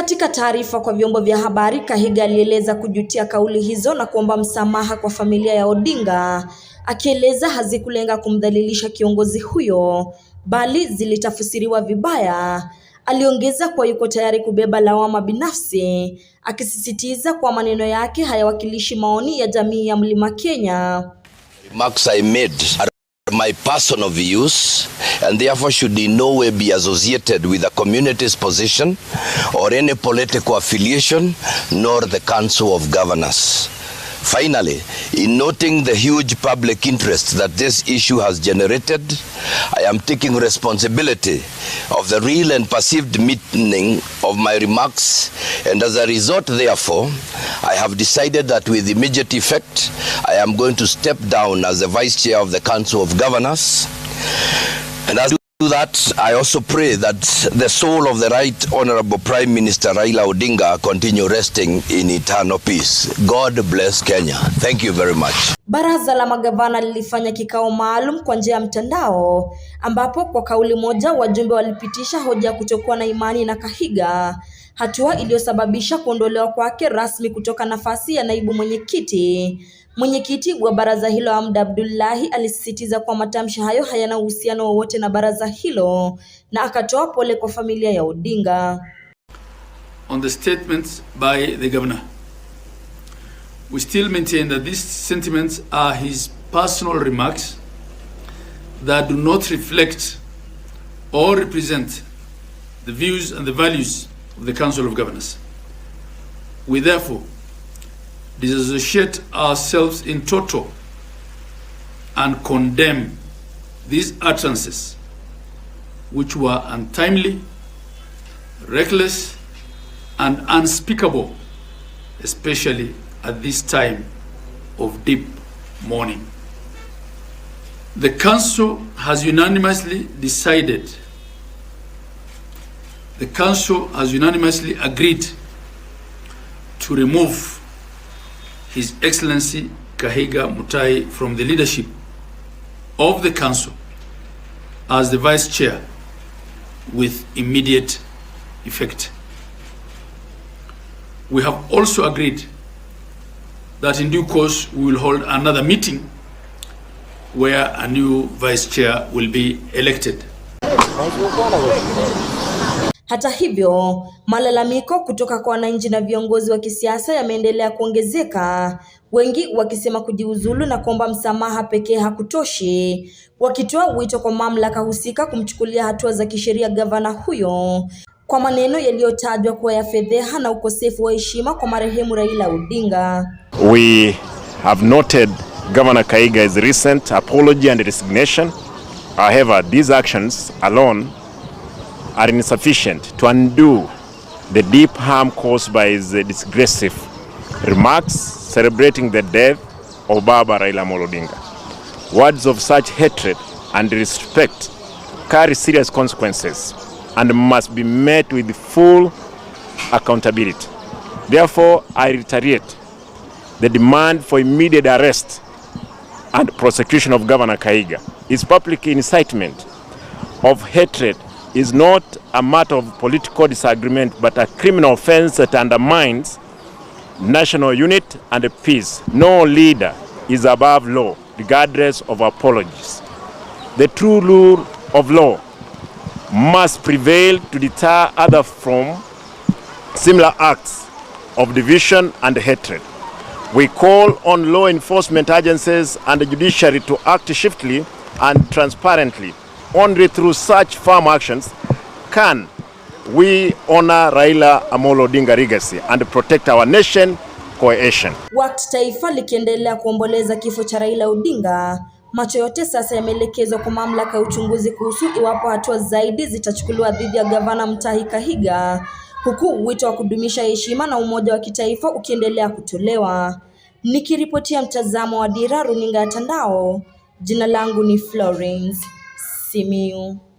Katika taarifa kwa vyombo vya habari, Kahiga alieleza kujutia kauli hizo na kuomba msamaha kwa familia ya Odinga, akieleza hazikulenga kumdhalilisha kiongozi huyo bali zilitafsiriwa vibaya. Aliongeza kuwa yuko tayari kubeba lawama binafsi, akisisitiza kuwa maneno yake hayawakilishi maoni ya jamii ya Mlima Kenya. Remarks I made my personal views and therefore should in no way be associated with the community's position or any political affiliation nor the Council of Governors. Finally, in noting the huge public interest that this issue has generated, I am taking responsibility of the real and perceived meaning of my remarks, and as a result, therefore, I have decided that with immediate effect, I am going to step down as the Vice Chair of the Council of Governors. And as that, I also pray that the soul of the Right Honorable Prime Minister Raila Odinga continue resting in eternal peace. God bless Kenya. Thank you very much. Baraza la magavana lilifanya kikao maalum kwa njia ya mtandao ambapo kwa kauli moja wajumbe walipitisha hoja ya kutokuwa na imani na Kahiga, hatua iliyosababisha kuondolewa kwake rasmi kutoka nafasi ya naibu mwenyekiti. Mwenyekiti wa baraza hilo Hamda Abdullahi alisisitiza kuwa matamshi hayo hayana uhusiano wowote na baraza hilo na akatoa pole kwa familia ya Odinga. On the statements by the governor. we still maintain that these sentiments are his personal remarks that do not reflect or represent the views and the values of the Council of Governors. We therefore disassociate ourselves in total and condemn these utterances, which were untimely, reckless, and unspeakable, especially at this time of deep mourning. The Council has unanimously decided, the Council has unanimously agreed to remove His Excellency Kahiga Mutai from the leadership of the Council as the Vice Chair with immediate effect. We have also agreed that in due course we will hold another meeting where a new vice chair will be elected. Hata hivyo, malalamiko kutoka kwa wananchi na viongozi wa kisiasa yameendelea kuongezeka, wengi wakisema kujiuzulu na kuomba msamaha pekee hakutoshi, wakitoa wito kwa mamlaka husika kumchukulia hatua za kisheria gavana huyo kwa maneno yaliyotajwa kuwa ya fedheha na ukosefu wa heshima kwa marehemu Raila Odinga. We have noted Governor Kaiga's recent apology and resignation. However, these actions alone are insufficient to undo the deep harm caused by his disgressive remarks celebrating the death of Baba Raila Amolo Odinga. Words of such hatred and disrespect carry serious consequences and must be met with full accountability. Therefore, I reiterate the demand for immediate arrest and prosecution of Governor Kaiga. His public incitement of hatred is not a matter of political disagreement but a criminal offense that undermines national unit and peace. No leader is above law regardless of apologies. The true rule of law must prevail to deter others from similar acts of division and hatred. We call on law enforcement agencies and the judiciary to act swiftly and transparently. Only through such firm actions can we honor Raila Amolo Odinga legacy and protect our nation cohesion. Wakati taifa likiendelea kuomboleza kifo cha Raila Odinga, macho yote sasa yameelekezwa kwa mamlaka ya uchunguzi kuhusu iwapo hatua zaidi zitachukuliwa dhidi ya gavana Mutahi Kahiga huku wito wa kudumisha heshima na umoja wa kitaifa ukiendelea kutolewa. Nikiripotia mtazamo wa Dira runinga ya Tandao, jina langu ni Florence Simiu.